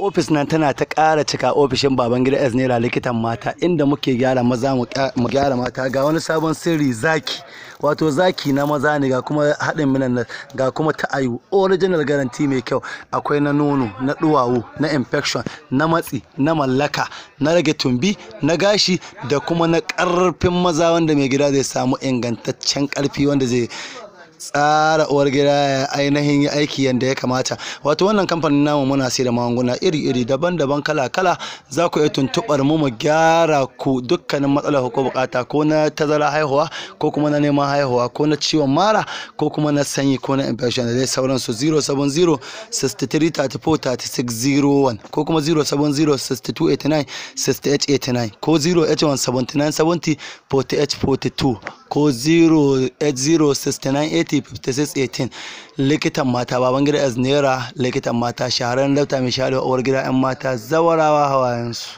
ofis nan tana ta ƙara cika ofishin baban gida s naira likitan mata inda muke gyara maza mu gyara mata ga wani sabon sirri zaki wato zaki na maza ne ga kuma haɗin minan ga kuma ta ayu original guarantee mai kyau akwai na nono na duwawu na infection na matsi na mallaka na rage tumbi na gashi da kuma na ƙarfin maza wanda mai gida zai samu ingantaccen ƙarfi wanda zai tsara uwar gida ya ainihin yi aiki yadda ya kamata wato wannan kamfanin namu muna sai da magunguna iri-iri daban-daban kala-kala za ku iya tuntuɓar mu mu gyara ku dukkanin matsalar ko bukata ko na tazara haihuwa ko kuma na neman haihuwa ko na ciwon mara ko kuma na sanyi ko na infection da dai sauransu 070 63 34 ko kuma 070 62 89 68 89 ko 081 79 70 48 42 ko 08069805618 likitan mata gida aznera likitan mata shaharar dabta mai shaharar uwar gida 'yan mata zawarawa hawayensu